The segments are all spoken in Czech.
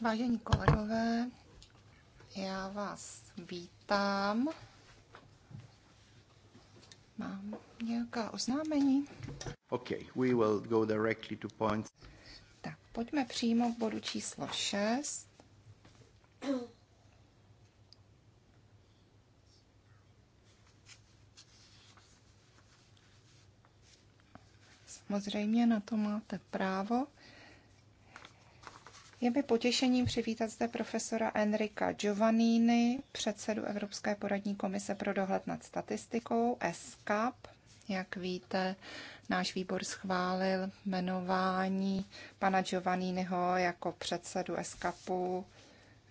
Vážení kolegové, já vás vítám. Mám nějaká oznámení? Okay, we will go directly to point. Tak, pojďme přímo k bodu číslo 6. Samozřejmě na to máte právo. Je mi potěšením přivítat zde profesora Enrika Giovannini, předsedu Evropské poradní komise pro dohled nad statistikou, ESCAP. Jak víte, náš výbor schválil jmenování pana Giovanniniho jako předsedu ESCAPu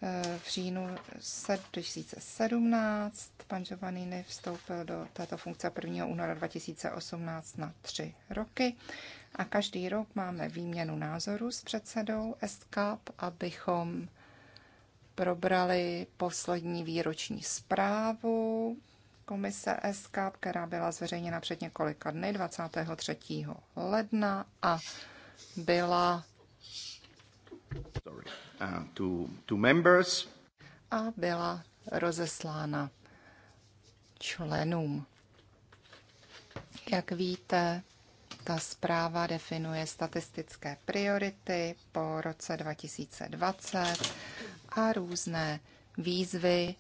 Eh, v říjnu 2017. Pan Giovannini vstoupil do této funkce 1. února 2018 na tři roky a každý rok máme výměnu názorů s předsedou SCAP, abychom probrali poslední výroční zprávu komise SCAP, která byla zveřejněna před několika dny 23. ledna a byla Uh, to, to members. A byla rozeslána členům. Jak víte, ta zpráva definuje statistické priority po roce 2020 a různé výzvy,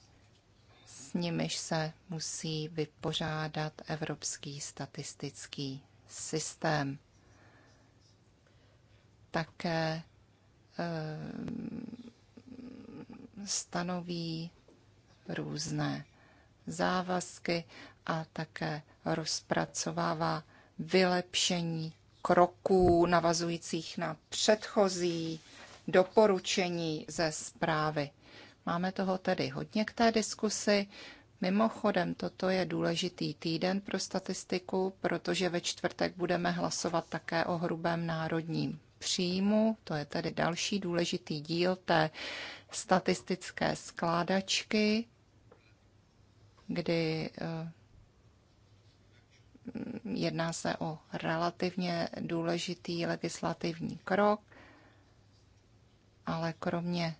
s nimiž se musí vypořádat evropský statistický systém. Také Eh, stanoví různé závazky a také rozpracovává vylepšení kroků navazujících na předchozí doporučení ze zprávy. Máme toho tedy hodně k té diskusi. Mimochodem, toto je důležitý týden pro statistiku, protože ve čtvrtek budeme hlasovat také o hrubém národním příjmu, to je tedy další důležitý díl té statistické skládačky, kdy eh, jedná se o relativně důležitý legislativní krok, ale kromě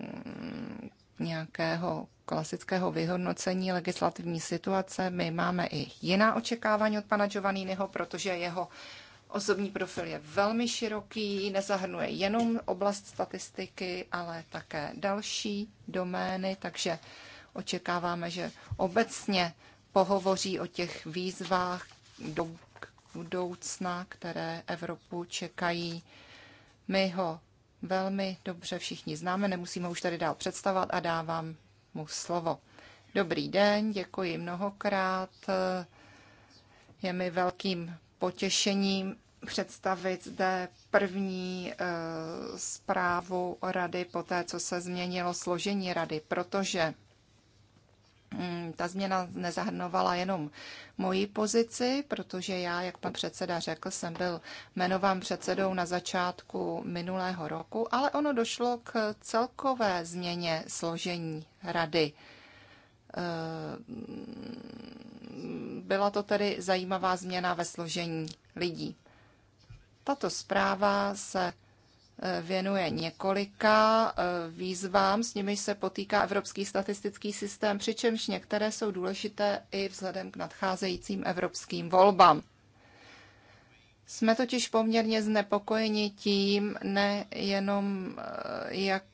mm, nějakého klasického vyhodnocení legislativní situace. My máme i jiná očekávání od pana Giovanniniho, protože jeho Osobní profil je velmi široký, nezahrnuje jenom oblast statistiky, ale také další domény, takže očekáváme, že obecně pohovoří o těch výzvách do budoucna, které Evropu čekají. My ho velmi dobře všichni známe, nemusíme už tady dál představovat a dávám mu slovo. Dobrý den, děkuji mnohokrát. Je mi velkým potěšením představit zde první eh, zprávu o rady po té, co se změnilo složení rady, protože mm, ta změna nezahrnovala jenom moji pozici, protože já, jak pan předseda řekl, jsem byl jmenován předsedou na začátku minulého roku, ale ono došlo k celkové změně složení rady eh, byla to tedy zajímavá změna ve složení lidí. Tato zpráva se e, věnuje několika e, výzvám, s nimiž se potýká Evropský statistický systém, přičemž některé jsou důležité i vzhledem k nadcházejícím evropským volbám. Jsme totiž poměrně znepokojeni tím, nejenom e, jak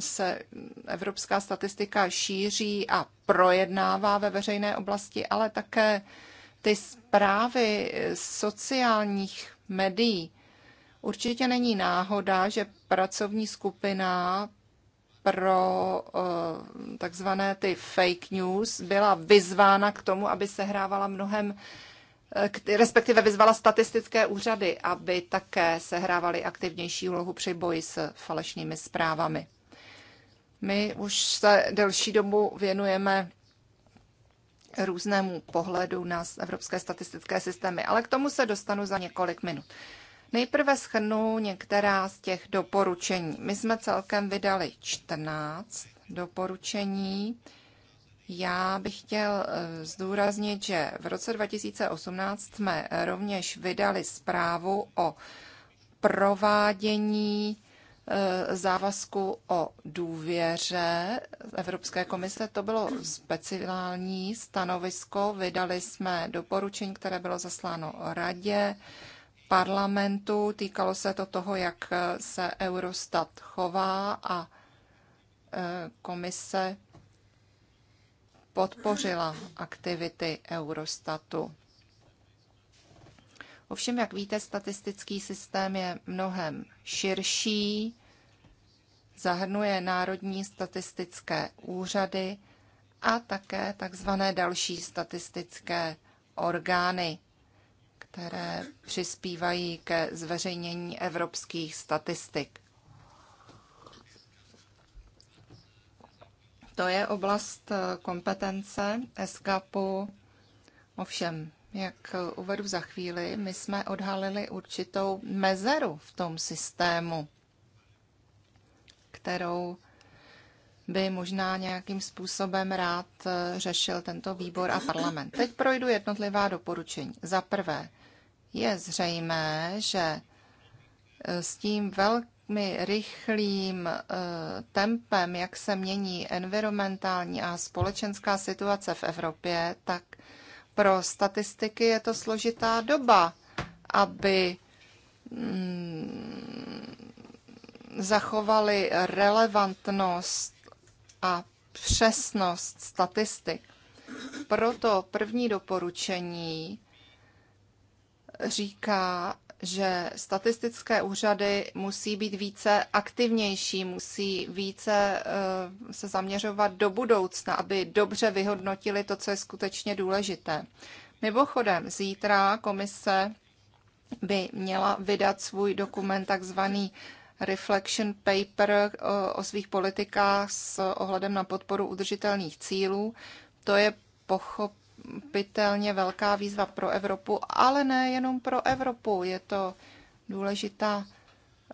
se evropská statistika šíří a projednává ve veřejné oblasti, ale také ty zprávy sociálních médií. Určitě není náhoda, že pracovní skupina pro eh, takzvané ty fake news byla vyzvána k tomu, aby se hrávala mnohem eh, respektive vyzvala statistické úřady, aby také sehrávaly aktivnější úlohu při boji s falešnými zprávami. My už se delší dobu věnujeme různému pohledu na evropské statistické systémy, ale k tomu se dostanu za několik minut. Nejprve schrnu některá z těch doporučení. My jsme celkem vydali 14 doporučení. Já bych chtěl eh, zdůraznit, že v roce 2018 jsme rovněž vydali zprávu o provádění Eh, závazku o důvěře Evropské komise. To bylo speciální stanovisko. Vydali jsme doporučení, které bylo zasláno radě parlamentu. Týkalo se to toho, jak se Eurostat chová a eh, komise podpořila aktivity Eurostatu. Ovšem, jak víte, statistický systém je mnohem širší, zahrnuje národní statistické úřady a také takzvané další statistické orgány, které přispívají ke zveřejnění evropských statistik. To je oblast eh, kompetence ESCAPU. Ovšem, jak uvedu za chvíli, my jsme odhalili určitou mezeru v tom systému, kterou by možná nějakým způsobem rád eh, řešil tento výbor a parlament. Teď projdu jednotlivá doporučení. Za prvé, je zřejmé, že eh, s tím velmi rychlým eh, tempem, jak se mění environmentální a společenská situace v Evropě, tak pro statistiky je to složitá doba, aby mm, zachovali relevantnost a přesnost statistik. Proto první doporučení říká, že statistické úřady musí být více aktivnější, musí více eh, se zaměřovat do budoucna, aby dobře vyhodnotili to, co je skutečně důležité. Mimochodem, zítra komise by měla vydat svůj dokument, takzvaný reflection paper eh, o svých politikách s ohledem na podporu udržitelných cílů. To je pochop pochopitelně velká výzva pro Evropu, ale nejenom pro Evropu. Je to důležitá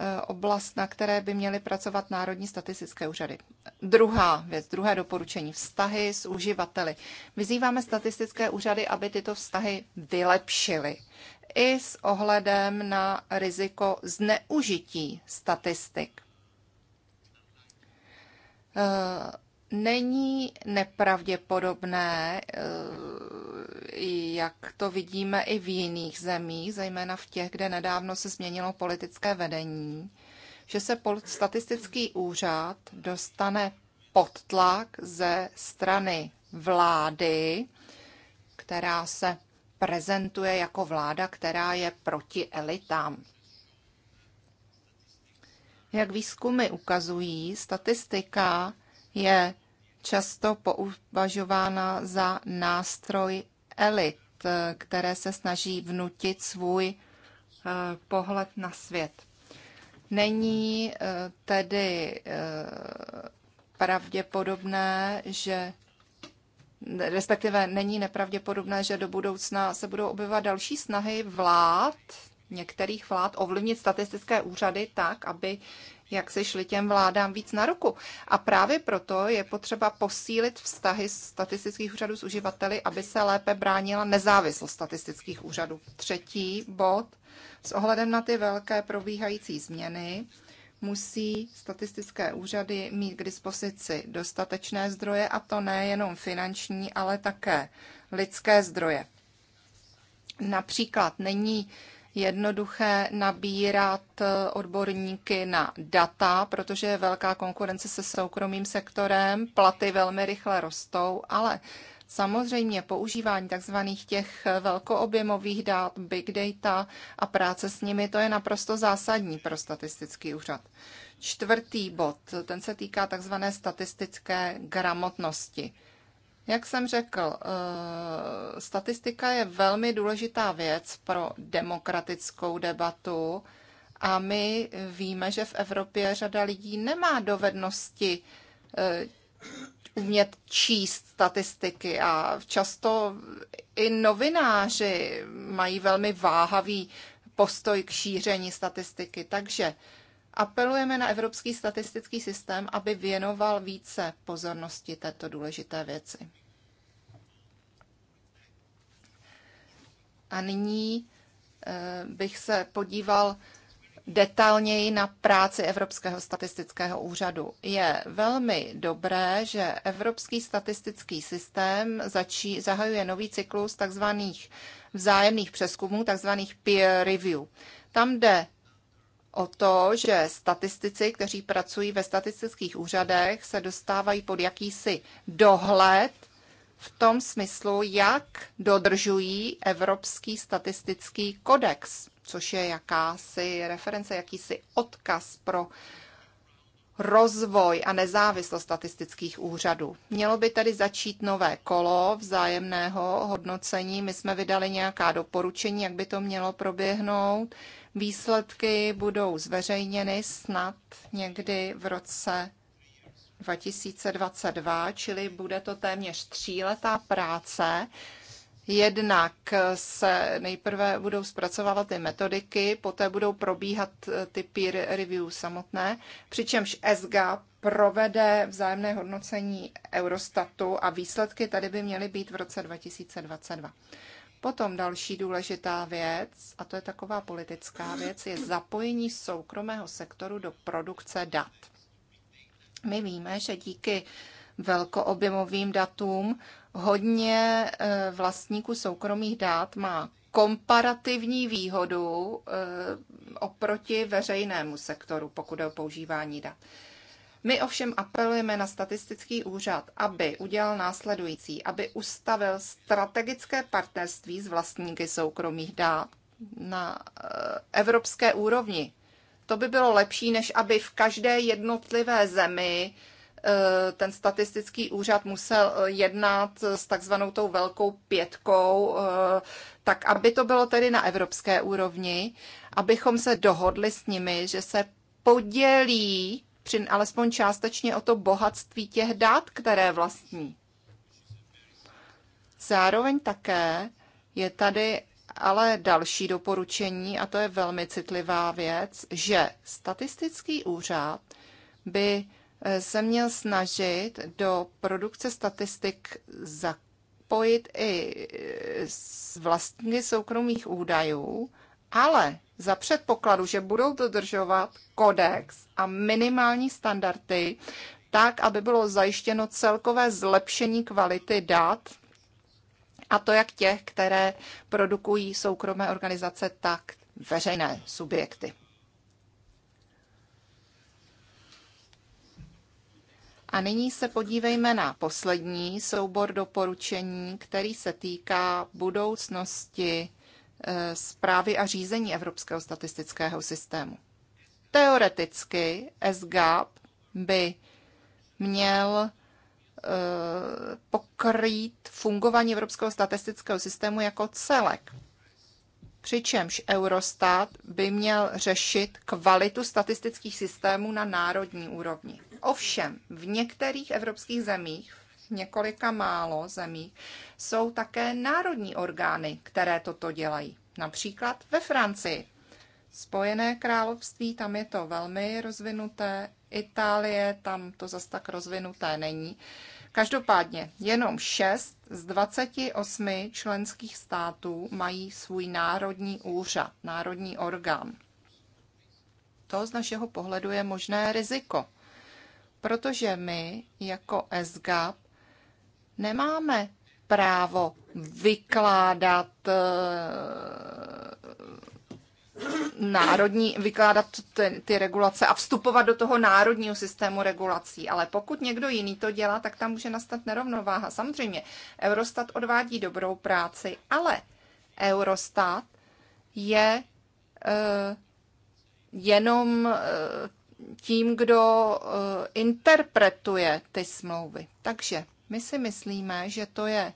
eh, oblast, na které by měly pracovat národní statistické úřady. Druhá věc, druhé doporučení, vztahy s uživateli. Vyzýváme statistické úřady, aby tyto vztahy vylepšily i s ohledem na riziko zneužití statistik. Eh, není nepravděpodobné, eh, jak to vidíme i v jiných zemích, zejména v těch, kde nedávno se změnilo politické vedení, že se statistický úřad dostane pod tlak ze strany vlády, která se prezentuje jako vláda, která je proti elitám. Jak výzkumy ukazují, statistika je často pouvažována za nástroj elit, které se snaží vnutit svůj eh, pohled na svět. Není eh, tedy eh, pravděpodobné, že respektive není nepravděpodobné, že do budoucna se budou objevovat další snahy vlád, některých vlád, ovlivnit statistické úřady tak, aby jak se šli těm vládám víc na ruku. A právě proto je potřeba posílit vztahy statistických úřadů s uživateli, aby se lépe bránila nezávislost statistických úřadů. Třetí bod. S ohledem na ty velké probíhající změny musí statistické úřady mít k dispozici dostatečné zdroje, a to nejenom finanční, ale také lidské zdroje. Například není jednoduché nabírat eh, odborníky na data, protože je velká konkurence se soukromým sektorem, platy velmi rychle rostou, ale Samozřejmě používání tzv. těch eh, velkoobjemových dat big data a práce s nimi, to je naprosto zásadní pro statistický úřad. Čtvrtý bod, ten se týká tzv. statistické gramotnosti. Jak jsem řekl, eh, statistika je velmi důležitá věc pro demokratickou debatu a my víme, že v Evropě řada lidí nemá dovednosti eh, umět číst statistiky a často i novináři mají velmi váhavý postoj k šíření statistiky. Takže apelujeme na Evropský statistický systém, aby věnoval více pozornosti této důležité věci. A nyní eh, bych se podíval detailněji na práci Evropského statistického úřadu. Je velmi dobré, že Evropský statistický systém začí, zahajuje nový cyklus tzv. vzájemných přeskumů, tzv. peer review. Tam jde o to, že statistici, kteří pracují ve statistických úřadech, se dostávají pod jakýsi dohled v tom smyslu, jak dodržují Evropský statistický kodex, což je jakási reference, jakýsi odkaz pro rozvoj a nezávislost statistických úřadů. Mělo by tedy začít nové kolo vzájemného hodnocení. My jsme vydali nějaká doporučení, jak by to mělo proběhnout. Výsledky budou zveřejněny snad někdy v roce 2022, čili bude to téměř tříletá práce. Jednak se nejprve budou zpracovávat ty metodiky, poté budou probíhat eh, ty peer review samotné, přičemž SGAP provede vzájemné hodnocení Eurostatu a výsledky tady by měly být v roce 2022. Potom další důležitá věc, a to je taková politická věc, je zapojení soukromého sektoru do produkce dat. My víme, že díky velkoobjemovým datům hodně e, vlastníků soukromých dát má komparativní výhodu e, oproti veřejnému sektoru, pokud je o používání dat. My ovšem apelujeme na statistický úřad, aby udělal následující, aby ustavil strategické partnerství s vlastníky soukromých dát na e, evropské úrovni, to by bylo lepší, než aby v každé jednotlivé zemi eh, ten statistický úřad musel eh, jednat s takzvanou tou velkou pětkou, eh, tak aby to bylo tedy na evropské úrovni, abychom se dohodli s nimi, že se podělí při, alespoň částečně o to bohatství těch dat, které vlastní. Zároveň také je tady ale další doporučení, a to je velmi citlivá věc, že statistický úřad by eh, se měl snažit do produkce statistik zapojit i eh, vlastní soukromých údajů, ale za předpokladu, že budou dodržovat kodex a minimální standardy, tak, aby bylo zajištěno celkové zlepšení kvality dat a to jak těch, které produkují soukromé organizace, tak veřejné subjekty. A nyní se podívejme na poslední soubor doporučení, který se týká budoucnosti eh, zprávy a řízení Evropského statistického systému. Teoreticky SGAP by měl Eh, pokrýt fungování Evropského statistického systému jako celek. Přičemž Eurostat by měl řešit kvalitu statistických systémů na národní úrovni. Ovšem, v některých evropských zemích, v několika málo zemích, jsou také národní orgány, které toto dělají. Například ve Francii. Spojené království, tam je to velmi rozvinuté, Itálie, tam to zas tak rozvinuté není. Každopádně jenom 6 z 28 členských států mají svůj národní úřad, národní orgán. To z našeho pohledu je možné riziko, protože my jako SGAP nemáme právo vykládat eh, národní, vykládat ty, ty regulace a vstupovat do toho národního systému regulací. Ale pokud někdo jiný to dělá, tak tam může nastat nerovnováha. Samozřejmě, Eurostat odvádí dobrou práci, ale Eurostat je uh, jenom uh, tím, kdo uh, interpretuje ty smlouvy. Takže my si myslíme, že to je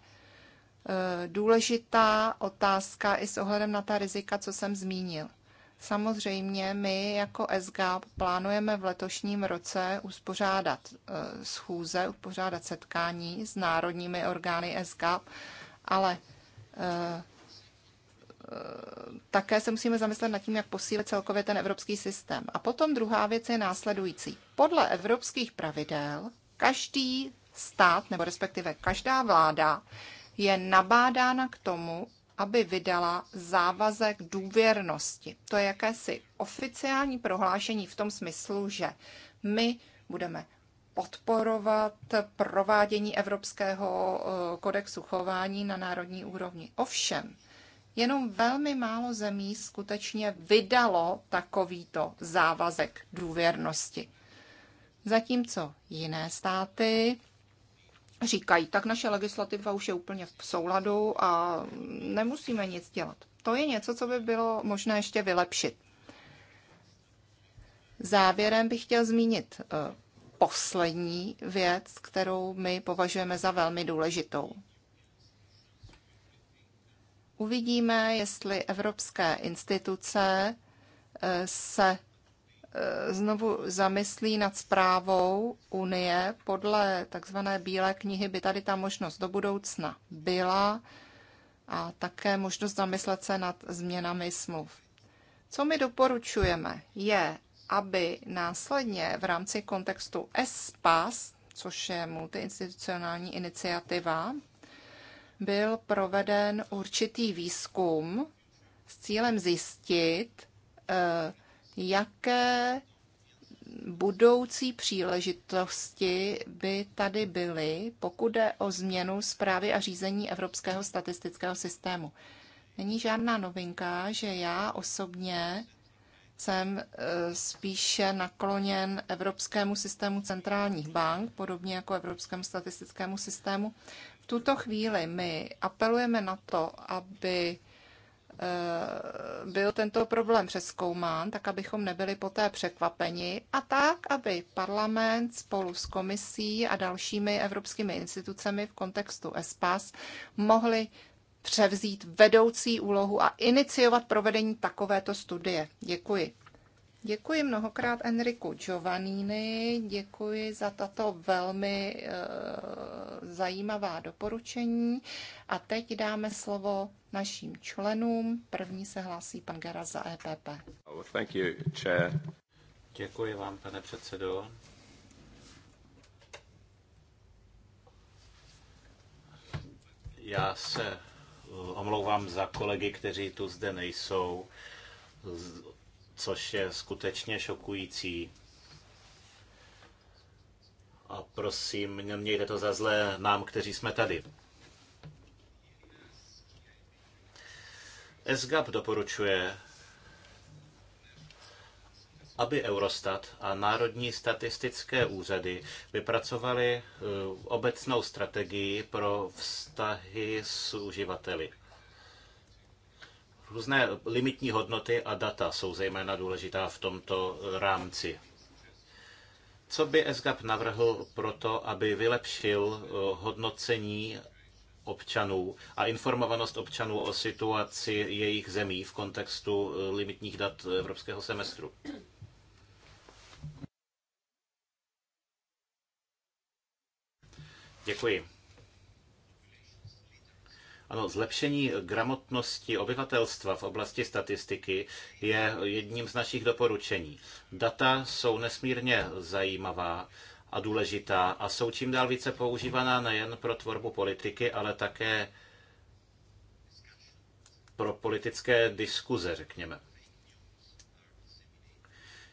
důležitá otázka i s ohledem na ta rizika, co jsem zmínil. Samozřejmě my jako SG plánujeme v letošním roce uspořádat eh, schůze, uspořádat setkání s národními orgány SG, ale eh, eh, také se musíme zamyslet nad tím, jak posílit celkově ten evropský systém. A potom druhá věc je následující. Podle evropských pravidel každý stát, nebo respektive každá vláda, je nabádána k tomu, aby vydala závazek důvěrnosti. To je jakési oficiální prohlášení v tom smyslu, že my budeme podporovat provádění Evropského eh, kodexu chování na národní úrovni. Ovšem, jenom velmi málo zemí skutečně vydalo takovýto závazek důvěrnosti. Zatímco jiné státy říkají, tak naše legislativa už je úplně v souladu a nemusíme nic dělat. To je něco, co by bylo možné ještě vylepšit. Závěrem bych chtěl zmínit eh, poslední věc, kterou my považujeme za velmi důležitou. Uvidíme, jestli evropské instituce eh, se Eh, znovu zamyslí nad zprávou Unie podle takzvané Bílé knihy, by tady ta možnost do budoucna byla a také možnost zamyslet se nad změnami smluv. Co my doporučujeme, je, aby následně v rámci kontextu ESPAS, což je multiinstitucionální iniciativa, byl proveden určitý výzkum s cílem zjistit, eh, jaké budoucí příležitosti by tady byly, pokud jde o změnu zprávy a řízení Evropského statistického systému. Není žádná novinka, že já osobně jsem e, spíše nakloněn Evropskému systému centrálních bank, podobně jako Evropskému statistickému systému. V tuto chvíli my apelujeme na to, aby Eh, byl tento problém přeskoumán, tak abychom nebyli poté překvapeni a tak, aby parlament spolu s komisí a dalšími evropskými institucemi v kontextu ESPAS mohli převzít vedoucí úlohu a iniciovat provedení takovéto studie. Děkuji. Děkuji mnohokrát Enriku Giovannini, děkuji za tato velmi e, zajímavá doporučení a teď dáme slovo našim členům. První se hlásí pan Gera za EPP. Oh, thank you, chair. Děkuji vám, pane předsedo. Já se eh, omlouvám za kolegy, kteří tu zde nejsou což je skutečně šokující. A prosím, nemějte to za zlé nám, kteří jsme tady. SGAP doporučuje, aby Eurostat a Národní statistické úřady vypracovali eh, obecnou strategii pro vztahy s uživateli. Různé limitní hodnoty a data jsou zejména důležitá v tomto rámci. Co by SGAP navrhl pro to, aby vylepšil eh, hodnocení občanů a informovanost občanů o situaci jejich zemí v kontextu eh, limitních dat evropského semestru? Děkuji. Ano, zlepšení gramotnosti obyvatelstva v oblasti statistiky je jedním z našich doporučení. Data jsou nesmírně zajímavá a důležitá a jsou čím dál více používaná nejen pro tvorbu politiky, ale také pro politické diskuze, řekněme.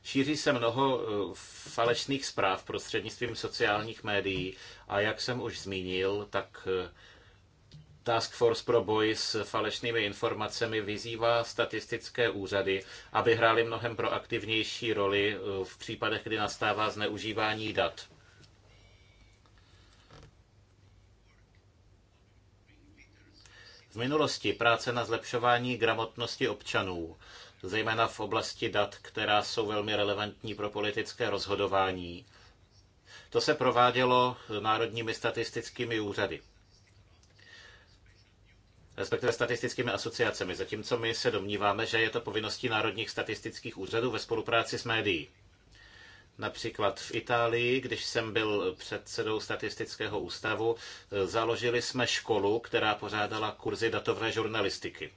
Šíří se mnoho eh, falešných zpráv prostřednictvím sociálních médií a jak jsem už zmínil, tak eh, Task Force pro boj s falešnými informacemi vyzývá statistické úřady, aby hrály mnohem proaktivnější roli eh, v případech, kdy nastává zneužívání dat. V minulosti práce na zlepšování gramotnosti občanů, zejména v oblasti dat, která jsou velmi relevantní pro politické rozhodování, to se provádělo národními statistickými úřady respektive statistickými asociacemi, zatímco my se domníváme, že je to povinností národních statistických úřadů ve spolupráci s médií. Například v Itálii, když jsem byl předsedou statistického ústavu, založili jsme školu, která pořádala kurzy datové žurnalistiky.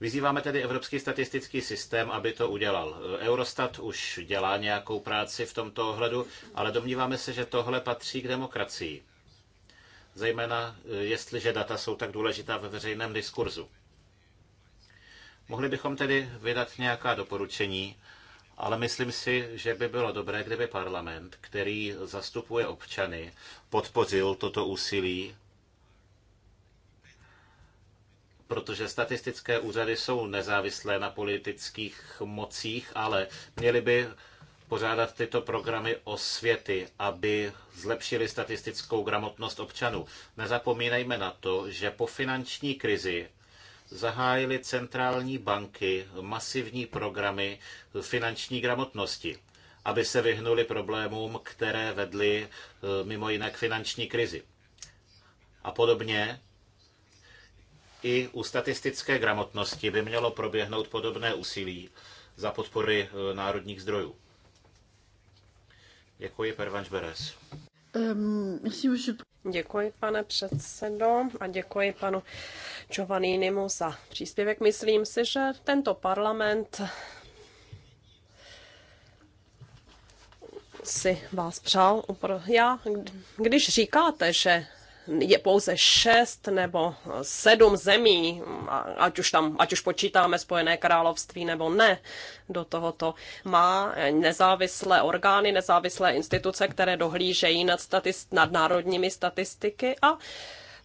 Vyzýváme tedy Evropský statistický systém, aby to udělal. Eurostat už dělá nějakou práci v tomto ohledu, ale domníváme se, že tohle patří k demokracii zejména eh, jestliže data jsou tak důležitá ve veřejném diskurzu. Mohli bychom tedy vydat nějaká doporučení, ale myslím si, že by bylo dobré, kdyby parlament, který zastupuje občany, podpořil toto úsilí, protože statistické úřady jsou nezávislé na politických mocích, ale měly by pořádat tyto programy o světy, aby zlepšili statistickou gramotnost občanů. Nezapomínejme na to, že po finanční krizi zahájily centrální banky masivní programy finanční gramotnosti, aby se vyhnuli problémům, které vedly eh, mimo jiné k finanční krizi. A podobně i u statistické gramotnosti by mělo proběhnout podobné úsilí za podpory eh, národních zdrojů. Děkuji, Pervanš Beres. Ehm, děkuji, pane předsedo, a děkuji panu Giovanninimu za příspěvek. Myslím si, že tento parlament si vás přál. Já, když říkáte, že je pouze šest nebo sedm zemí, ať už, tam, ať už počítáme Spojené království nebo ne, do tohoto má nezávislé orgány, nezávislé instituce, které dohlížejí nad, statist, nad národními statistiky a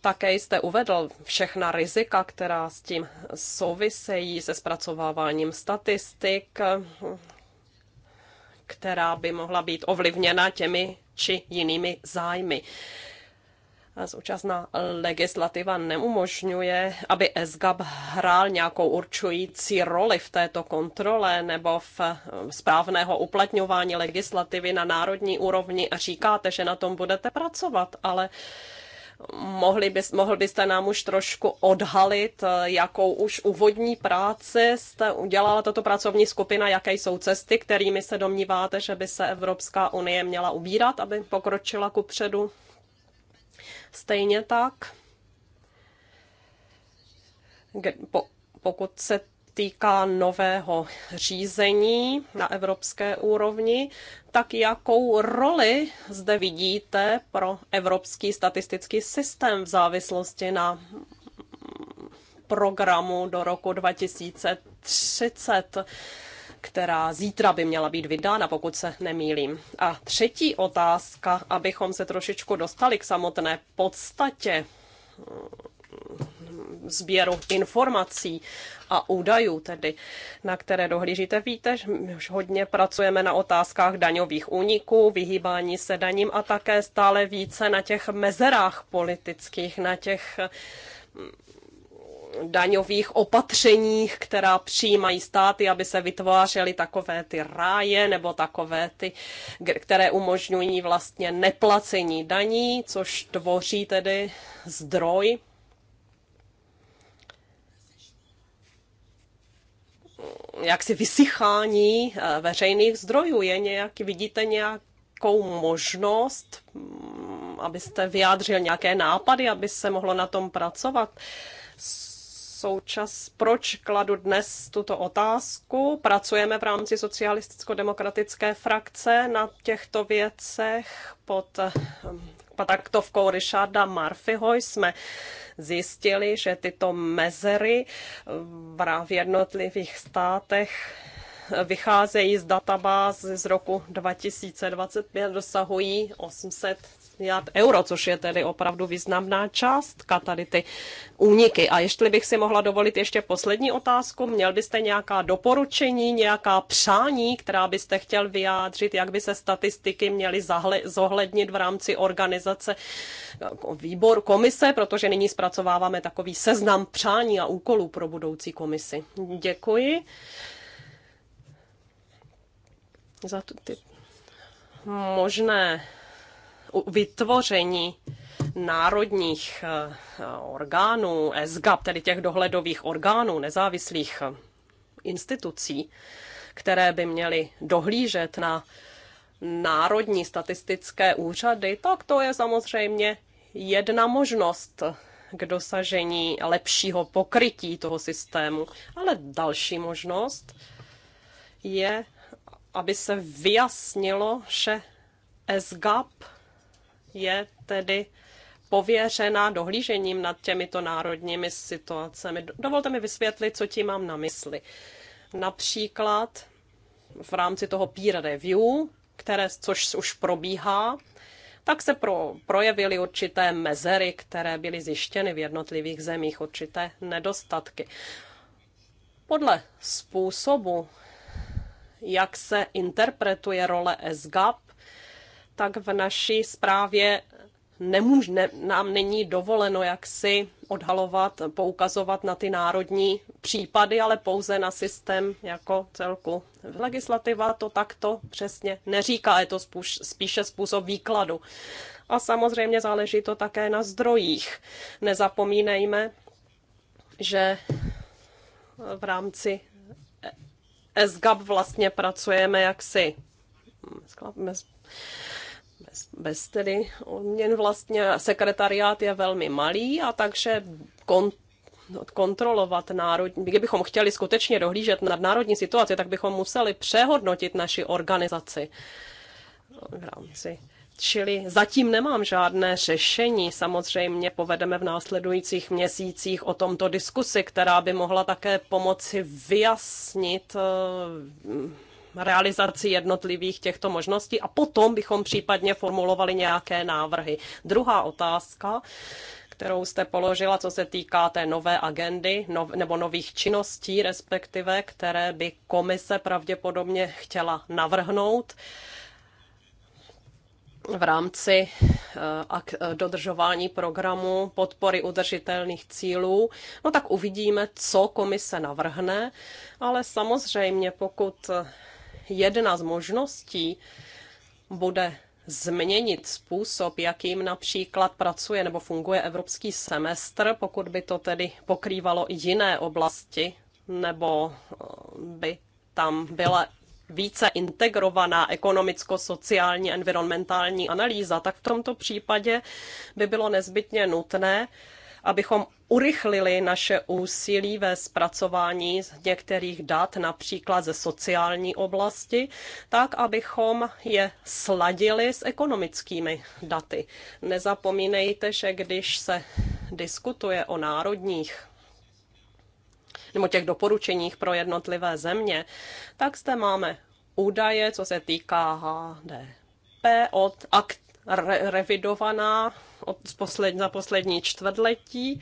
také jste uvedl všechna rizika, která s tím souvisejí se zpracováváním statistik, která by mohla být ovlivněna těmi či jinými zájmy současná legislativa neumožňuje, aby SGAP hrál nějakou určující roli v této kontrole nebo v eh, správného uplatňování legislativy na národní úrovni a říkáte, že na tom budete pracovat, ale mohli bys, mohl byste nám už trošku odhalit, eh, jakou už úvodní práci jste udělala tato pracovní skupina, jaké jsou cesty, kterými se domníváte, že by se Evropská unie měla ubírat, aby pokročila ku předu Stejně tak, pokud se týká nového řízení na evropské úrovni, tak jakou roli zde vidíte pro evropský statistický systém v závislosti na programu do roku 2030? která zítra by měla být vydána, pokud se nemýlím. A třetí otázka, abychom se trošičku dostali k samotné podstatě mm, sběru informací a údajů, tedy, na které dohlížíte. Víte, že už hodně pracujeme na otázkách daňových úniků, vyhýbání se daním a také stále více na těch mezerách politických, na těch mm, daňových opatřeních, která přijímají státy, aby se vytvářely takové ty ráje nebo takové ty, které umožňují vlastně neplacení daní, což tvoří tedy zdroj jaksi vysychání eh, veřejných zdrojů. Je nějaký, vidíte nějakou možnost, mm, abyste vyjádřil nějaké nápady, aby se mohlo na tom pracovat? součas, proč kladu dnes tuto otázku. Pracujeme v rámci socialisticko-demokratické frakce na těchto věcech pod taktovkou Richarda Murphyho jsme zjistili, že tyto mezery v jednotlivých státech vycházejí z databáz z roku 2025, dosahují 800 miliard euro, což je tedy opravdu významná částka tady ty úniky. A ještě bych si mohla dovolit ještě poslední otázku. Měl byste nějaká doporučení, nějaká přání, která byste chtěl vyjádřit, jak by se statistiky měly zohlednit v rámci organizace jako výbor komise, protože nyní zpracováváme takový seznam přání a úkolů pro budoucí komisi. Děkuji za ty možné vytvoření národních eh, orgánů, SGAP, tedy těch dohledových orgánů, nezávislých eh, institucí, které by měly dohlížet na národní statistické úřady, tak to je samozřejmě jedna možnost k dosažení lepšího pokrytí toho systému. Ale další možnost je, aby se vyjasnilo, že SGAP je tedy pověřena dohlížením nad těmito národními situacemi. Dovolte mi vysvětlit, co tím mám na mysli. Například v rámci toho peer review, které, což už probíhá, tak se pro, projevily určité mezery, které byly zjištěny v jednotlivých zemích, určité nedostatky. Podle způsobu, jak se interpretuje role SGAP, tak v naší zprávě nemůž, ne, nám není dovoleno jaksi odhalovat, poukazovat na ty národní případy, ale pouze na systém jako celku. Legislativa to takto přesně neříká, je to spíš, spíše způsob výkladu. A samozřejmě záleží to také na zdrojích. Nezapomínejme, že v rámci e- SGAP vlastně pracujeme jaksi bez, bez tedy odměn vlastně sekretariát je velmi malý a takže kont kontrolovat národní, kdybychom chtěli skutečně dohlížet nad národní situaci, tak bychom museli přehodnotit naši organizaci v rámci Čili zatím nemám žádné řešení. Samozřejmě povedeme v následujících měsících o tomto diskusi, která by mohla také pomoci vyjasnit eh, realizaci jednotlivých těchto možností a potom bychom případně formulovali nějaké návrhy. Druhá otázka kterou jste položila, co se týká té nové agendy nov, nebo nových činností, respektive, které by komise pravděpodobně chtěla navrhnout v rámci eh, eh, dodržování programu podpory udržitelných cílů. No tak uvidíme, co komise navrhne, ale samozřejmě pokud jedna z možností bude změnit způsob, jakým například pracuje nebo funguje evropský semestr, pokud by to tedy pokrývalo jiné oblasti, nebo eh, by tam byla více integrovaná ekonomicko-sociální environmentální analýza, tak v tomto případě by bylo nezbytně nutné abychom urychlili naše úsilí ve zpracování některých dat, například ze sociální oblasti, tak, abychom je sladili s ekonomickými daty. Nezapomínejte, že když se diskutuje o národních nebo těch doporučeních pro jednotlivé země, tak zde máme údaje, co se týká HDP od akt re- revidovaná od posled- za poslední čtvrtletí.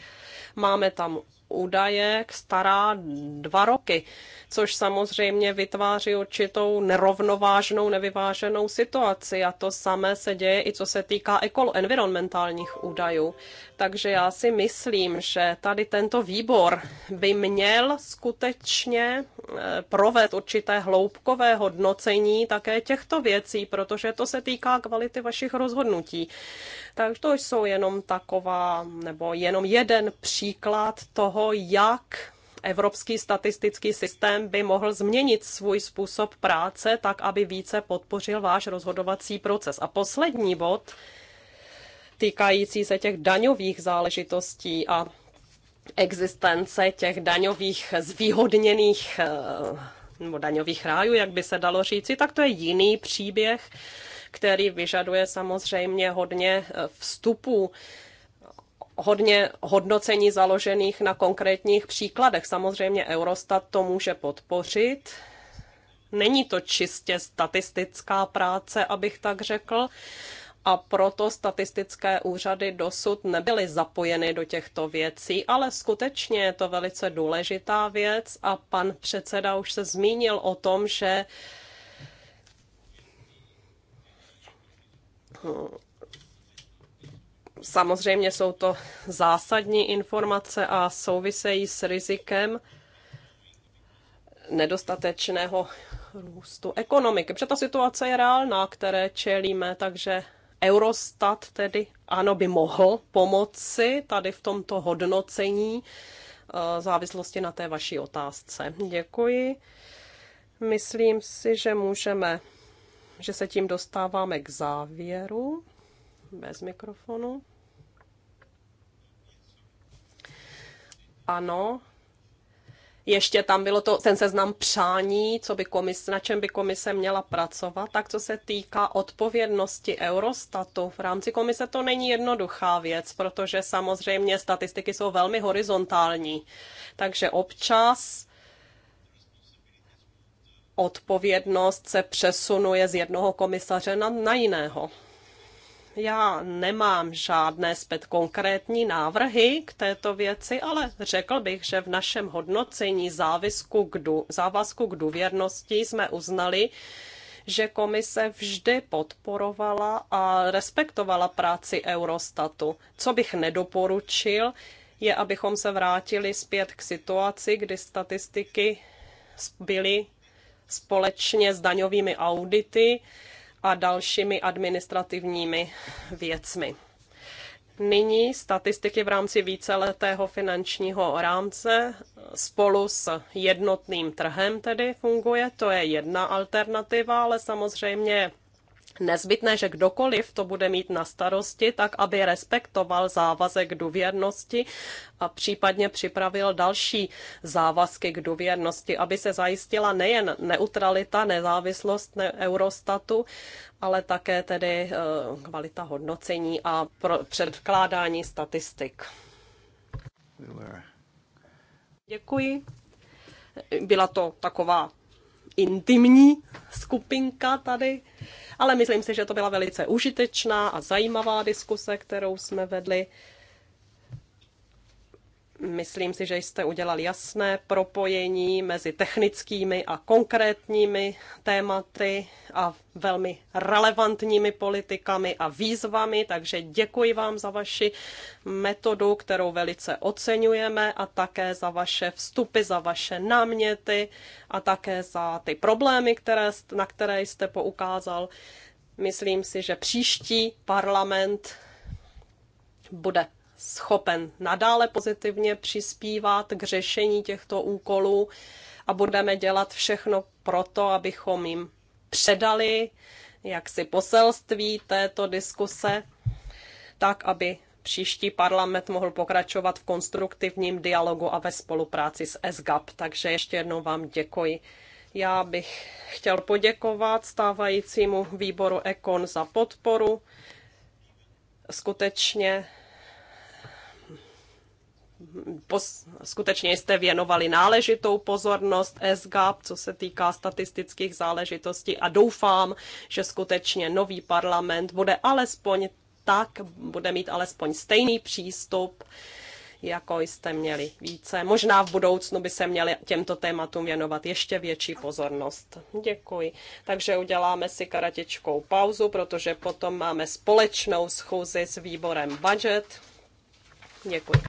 Máme tam údaje k stará dva roky, což samozřejmě vytváří určitou nerovnovážnou, nevyváženou situaci a to samé se děje i co se týká ekolo environmentálních údajů. Takže já si myslím, že tady tento výbor by měl skutečně eh, provést určité hloubkové hodnocení také těchto věcí, protože to se týká kvality vašich rozhodnutí. Takže to jsou jenom taková, nebo jenom jeden příklad toho, jak Evropský statistický systém by mohl změnit svůj způsob práce tak, aby více podpořil váš rozhodovací proces. A poslední bod, týkající se těch daňových záležitostí a existence těch daňových zvýhodněných eh, nebo daňových rájů, jak by se dalo říci, tak to je jiný příběh, který vyžaduje samozřejmě hodně eh, vstupů hodně hodnocení založených na konkrétních příkladech. Samozřejmě Eurostat to může podpořit. Není to čistě statistická práce, abych tak řekl, a proto statistické úřady dosud nebyly zapojeny do těchto věcí, ale skutečně je to velice důležitá věc a pan předseda už se zmínil o tom, že hm, samozřejmě jsou to zásadní informace a souvisejí s rizikem nedostatečného růstu ekonomiky. Protože ta situace je reálná, které čelíme, takže Eurostat tedy ano by mohl pomoci tady v tomto hodnocení eh, v závislosti na té vaší otázce. Děkuji. Myslím si, že můžeme, že se tím dostáváme k závěru bez mikrofonu. Ano, ještě tam bylo to, ten seznam přání, co by komis, na čem by komise měla pracovat. Tak co se týká odpovědnosti Eurostatu, v rámci komise to není jednoduchá věc, protože samozřejmě statistiky jsou velmi horizontální. Takže občas odpovědnost se přesunuje z jednoho komisaře na, na jiného. Já nemám žádné zpět konkrétní návrhy k této věci, ale řekl bych, že v našem hodnocení závisku k du, závazku k důvěrnosti jsme uznali, že komise vždy podporovala a respektovala práci Eurostatu. Co bych nedoporučil, je, abychom se vrátili zpět k situaci, kdy statistiky byly společně s daňovými audity a dalšími administrativními věcmi. Nyní statistiky v rámci víceletého finančního rámce spolu s jednotným trhem tedy funguje. To je jedna alternativa, ale samozřejmě nezbytné, že kdokoliv to bude mít na starosti, tak aby respektoval závazek důvěrnosti a případně připravil další závazky k důvěrnosti, aby se zajistila nejen neutralita, nezávislost Eurostatu, ale také tedy eh, kvalita hodnocení a předkládání statistik. Děkuji. Byla to taková intimní skupinka tady, ale myslím si, že to byla velice užitečná a zajímavá diskuse, kterou jsme vedli. Myslím si, že jste udělal jasné propojení mezi technickými a konkrétními tématy a velmi relevantními politikami a výzvami, takže děkuji vám za vaši metodu, kterou velice oceňujeme a také za vaše vstupy, za vaše náměty a také za ty problémy, které, na které jste poukázal. Myslím si, že příští parlament bude schopen nadále pozitivně přispívat k řešení těchto úkolů a budeme dělat všechno pro to, abychom jim předali jaksi poselství této diskuse, tak aby příští parlament mohl pokračovat v konstruktivním dialogu a ve spolupráci s SGAP. Takže ještě jednou vám děkuji. Já bych chtěl poděkovat stávajícímu výboru Ekon za podporu. Skutečně pos, skutečně jste věnovali náležitou pozornost SGAP, co se týká statistických záležitostí a doufám, že skutečně nový parlament bude alespoň tak, bude mít alespoň stejný přístup jako jste měli více. Možná v budoucnu by se měli těmto tématům věnovat ještě větší pozornost. Děkuji. Takže uděláme si karatičkou pauzu, protože potom máme společnou schůzi s výborem budget. Děkuji.